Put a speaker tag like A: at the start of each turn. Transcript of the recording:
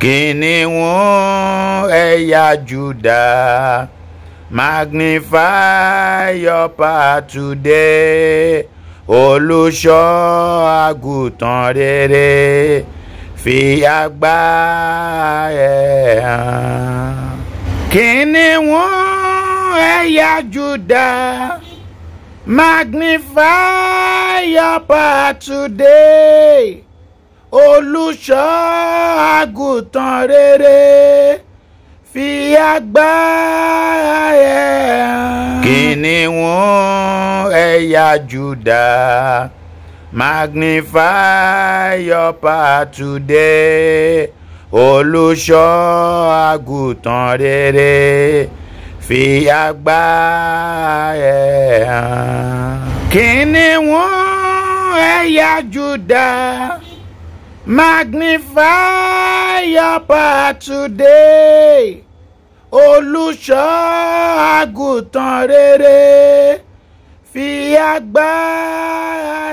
A: Kìnìún ẹ̀yà Juda magnify your power today olùṣọ́ àgùntàn rere fi agbára ẹ̀ hàn. Kìnìún
B: ẹ̀yà Juda magnify your power today olùṣọ́ àgùntàn rere fi agbára
A: ẹ̀. kìnìún ẹ̀yà Júdà magnify your power today olùṣọ́ àgùntàn rere fi agbára ẹ̀ hàn. kìnìún
B: ẹ̀yà Júdà magnify yapa today olùṣọ́ àgùntàn rere fi agbára